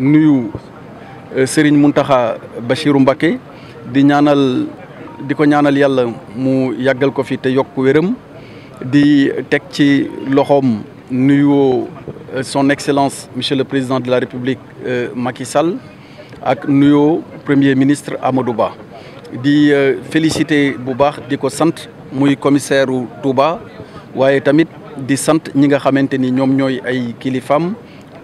nuyu euh, Serigne Mountakha Bachirou Mbacké di ñaanal di ko ñaanal yàlla mu yàggal ko fi te yokk wéram di teg ci loxoom nuyu euh, son excellence monsieur le président de la république euh, Macky Sall ak nuyu premier ministre Amadou Ba di félicité bu baax di ko sant muy commissaire u Touba waaye tamit di sant ñi nga xamante ni ñoom ñooy ay kilifaam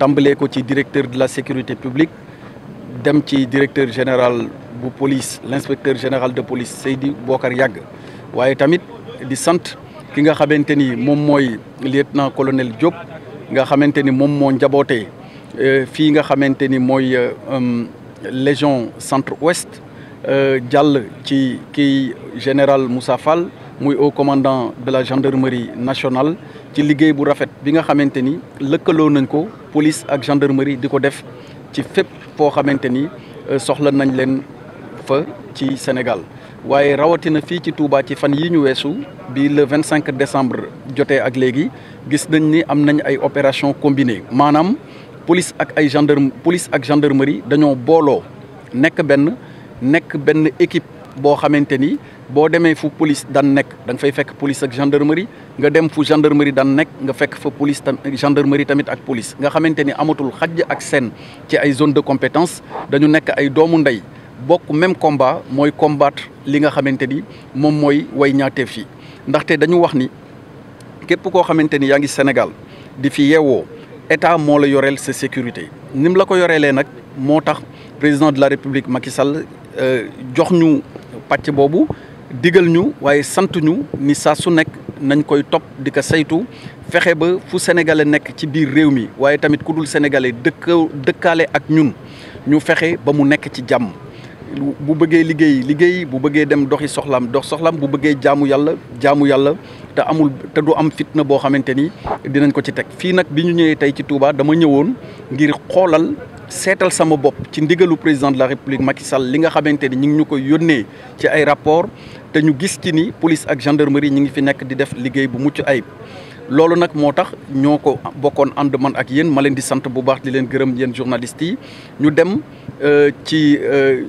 tàmbalee ko ci directeur de la sécurité publique dem ci directeur général bu police l' inspecteur général de police Seydi Bokar Yàgg waaye tamit di sant ki nga xamante ni moom mooy lieutenant colonel Diop nga xamante ni moom moo njabootee euh, fii nga xamante ni mooy euh, um, légion centre ouest euh, jàll ci kii général Moussa Fall muy haut commandant de la gendarmerie nationale ci liggéey bu rafet bi nga xamante ni lëkkaloo nañ ko police ak gendarmerie di ko def ci fépp foo xamante ni euh, soxla nañ leen fa ci Sénégal waaye rawatina fii ci Touba ci fan yi ñu weesu bi le vingt cinq décembre jotee ak léegi gis nañ ni am nañ ay opération combinée maanaam police ak ay gendarme police ak gendarmerie dañoo booloo nekk benn nekk benn équipe boo xamante ni boo demee fu police dan nekk da fay fekk police ak gendarmerie nga dem fu gendarmerie dan nekk nga fekk fa police tam gendarmerie tamit ak police nga xamante ni amatul xajj ak seen ci ay zone de compétence dañu nekk ay doomu ndey bokk même combat mooy combattre li nga xamante ni moom mooy way ñaateef fii ndaxte dañu wax ni képp koo xamante ni yaa ngi Sénégal di fi yeewoo état moo la yoreel sa sécurité ni mu la ko yoreelee nag moo tax président de la république Macky Sall euh, jox ñu. pàcc boobu digal ñu waaye sant ñu ni saa su nekk nañ koy topp di ko saytu fexe ba fu sénégalais nekk ci biir réew mi waaye tamit ku dul sénégalais dëkk dëkkaale ak ñun ñu fexe ba mu nekk ci jàmm. bu bëggee liggéey liggéey bu bëggee dem doxi soxlaam dox soxlaam bu bëggee jaamu yàlla jaamu yàlla te amul te du am fitna boo xamante ni dinañ ko ci teg fii nag bi ñu ñëwee tey ci Touba dama ñëwoon ngir xoolal. seetal sama bopp ci ndigalu président de la république Macky Sall li nga xamante ni ñu ngi ñu koy yónnee ci ay rapport te ñu gis ci ni police ak gendarmerie ñi ngi fi nekk di def liggéey bu mucc ayib. loolu nag moo tax ñoo ko bokkoon ànd man ak yéen ma leen di sant bu baax di leen gërëm yéen journalistes yi ñu dem euh, ci euh,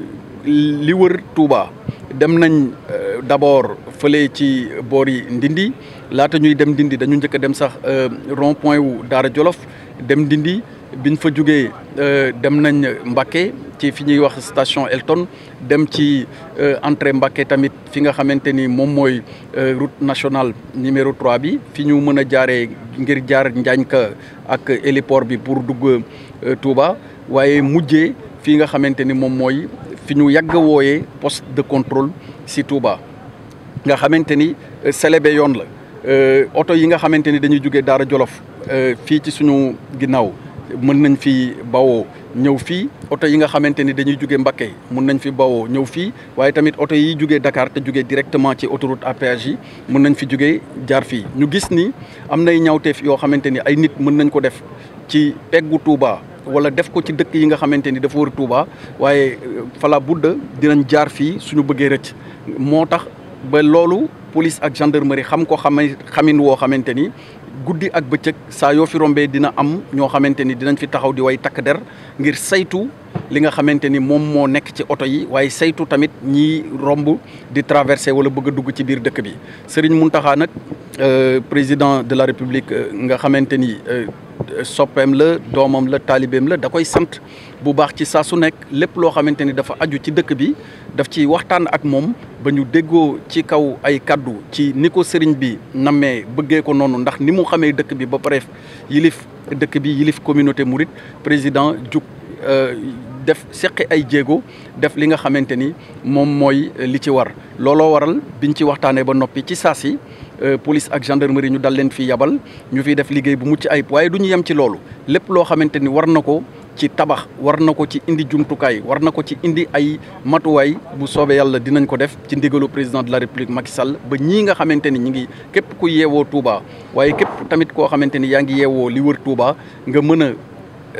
li wër tuuba dem nañ euh, d'abord fële ci boori Ndindi. laata ñuy dem Ndindi dañu njëkk a dem sax euh, rond point wu Daara Jolof dem Ndindi biñ fa jógee euh, dem nañ Mbacké ci fi ñuy wax station Elton dem ci euh, entrée Mbacké tamit fi nga xamante ni moom mooy route nationale numéro 3 bi fi ñu mën a jaaree ngir jaar Njaañka ak héliport bi pour dugg waaye mujjee fi nga xamante ni moom mooy fi ñu yàgg a poste de contrôle si Touba nga xamante ni célébé yoon la. Euh, oto yi nga xamante ni dañuy jóge Daara Jolof euh, fii ci suñu ginnaaw mën nañ fi bawoo ñëw fii oto yi nga xamante ni dañuy jóge Mbakke mën nañ fi bawoo ñëw fii waaye tamit oto yi jógee Dakar te jógee directement ci autoroute à yi mën nañ fi jóge jaar fii ñu gis ni am nay ñaawteef yoo xamante ni ay nit mën nañ ko def ci peggu Touba wala def ko ci dëkk yi nga xamante ni dafa wër Touba waaye euh, fala dinañ jaar fii suñu bëggee rëcc moo tax ba loolu police ak gendarmerie xam ko xame xamin woo xamante ni guddi ak bëccëg saa yoo fi rombee dina am ñoo xamante ni dinañ fi taxaw di way takk der ngir saytu li nga xamante ni moom moo nekk ci oto yi waaye saytu tamit ñiy romb di traversé wala bëgg a dugg ci biir dëkk bi Serigne Mountakha nag euh, président de la République euh, nga xamante ni. Euh, soppeem la doomam la taalibeem la da koy sant bu baax ci saa su nekk lépp loo xamante ni dafa aju ci dëkk bi daf ci waxtaan ak moom ba ñu déggoo ci kaw ay kàddu ci ni ko sëriñ bi nammee bëggee ko noonu ndax ni mu xamee dëkk bi ba pare yilif dëkk bi yilif communauté Mouride président jug euh, def seqi ay jéego def li nga xamante ni moom mooy li ci war looloo waral biñ ci waxtaanee ba noppi ci saa si Euh, police ak gendarmerie ñu dal leen fi yabal ñu fi def liggéey bu mucc ayib waaye du ñu yem ci loolu lépp loo xamante ni war na ko ci tabax war na ko ci indi jumtukaay war na ko ci indi ay matuwaay bu soobee yàlla dinañ ko def ci ndigalu président de la république Macky Sall ba ñii nga xamante ni ñi ngi képp ku yeewoo Touba waaye képp tamit koo xamante ni yaa ngi yeewoo li wër Touba nga mën a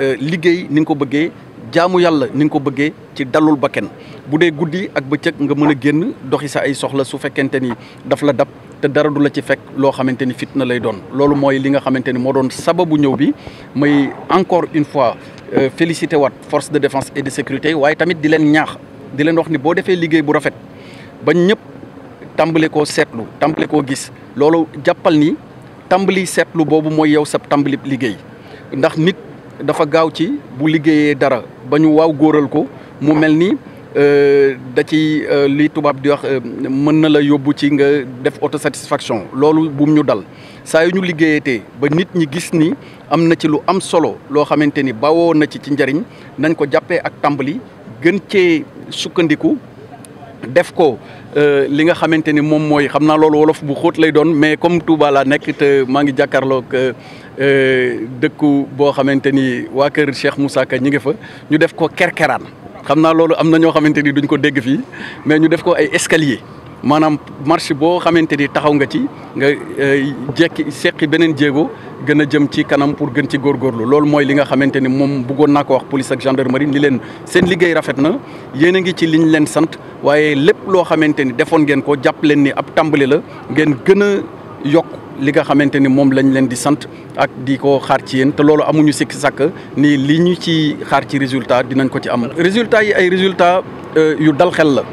euh, liggéey ni nga ko bëggee jaamu yàlla ni nga ko bëggee ci dalul bakken bu dee guddi ak bëccëg nga mën a génn doxi sa ay soxla su fekkente ni daf la dab te dara du la ci fekk loo xamante ni fitna lay doon loolu mooy li nga xamante ni moo doon sababu ñëw bi may encore une fois euh, félicité waat force de défense et de sécurité waaye tamit di leen ñaax di leen wax ni boo defee liggéey bu rafet ba ñëpp tàmbale ko seetlu tàmbale koo gis loolu jàppal ni tàmbali seetlu boobu mooy yow sa tàmbali liggéey ndax nit dafa gaaw ci bu liggéeyee dara ba ñu waaw góoral ko mu mel nii Euh, da ci euh, li tubaab di wax euh, mën na la yóbbu ci nga def autosatisfaction loolu buum ñu dal saa yu ñu liggéeyatee ba nit ñi gis ni am na ci lu am solo loo xamante ni bawoo na ci ci njariñ nañ ko jàppee ak tàmbali gën cee sukkandiku def ko li nga xamante ni moom mooy xam naa loolu wolof bu xóot lay doon mais comme Touba laa nekk te maa ngi jàkkaarloog dëkku boo xamante ni waa kër Cheikh Moussa Ka ñi ngi fa ñu def ko kerkeraan. xam naa loolu am na ñoo xamante ni duñ ko dégg fii mais ñu def ko ay escalier maanaam marche boo xamante ni taxaw nga ci nga euh, jekki seqi beneen jéego gën a jëm ci kanam pour gën ci góor góorlu loolu mooy li nga xamante ni moom bëggoon naa ko wax police ak gendarmerie ni leen seen liggéey rafet na yéen a ngi ci liñ leen sant waaye lépp loo xamante ni defoon ngeen ko jàpp leen ni ab tàmbali la ngeen gën a yokk li nga xamante ni moom lañ leen di sant ak di ko xaar ci yéen te loolu amuñu sikki sàkk ni li ñu ci xaar ci résultat dinañ ko ci am. résultat yi ay résultat euh, yu dal la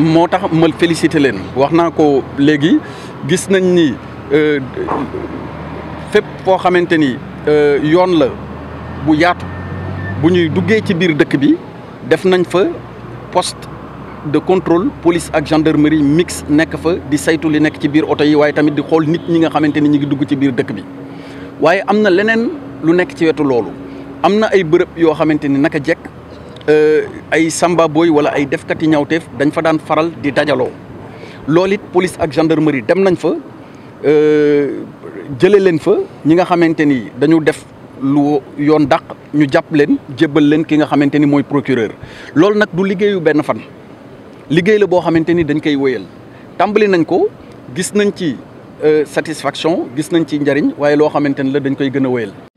moo tax ma félicité leen wax naa ko léegi gis nañ ni euh, fépp foo xamante ni euh, yoon la bu yaatu bu ñuy duggee ci biir dëkk bi def nañ fa post de contrôle police ak gendarmerie mix nekk fa di saytu li nekk ci biir oto yi waaye tamit di xool nit ñi nga xamante ni ñu ngi dugg ci biir dëkk bi waaye am na leneen lu nekk ci wetu loolu am na ay bërëb yoo xamante ni naka jekk euh, ay samba boy wala ay defkati ñawteef dañ fa daan faral di dajaloo loolu it police ak gendarmerie dem nañ fa euh, jële leen fa ñi nga xamante ni dañu def lu yoon dàq ñu jàpp leen jébbal leen ki nga xamante ni mooy procureur loolu nag du liggéeyu benn fan liggéey la boo xamante ni dañ koy wéyal tàmbali nañ ko gis nañ ci euh, satisfaction gis nañ ci njëriñ waaye loo xamante ni la dañ koy gën a wéyal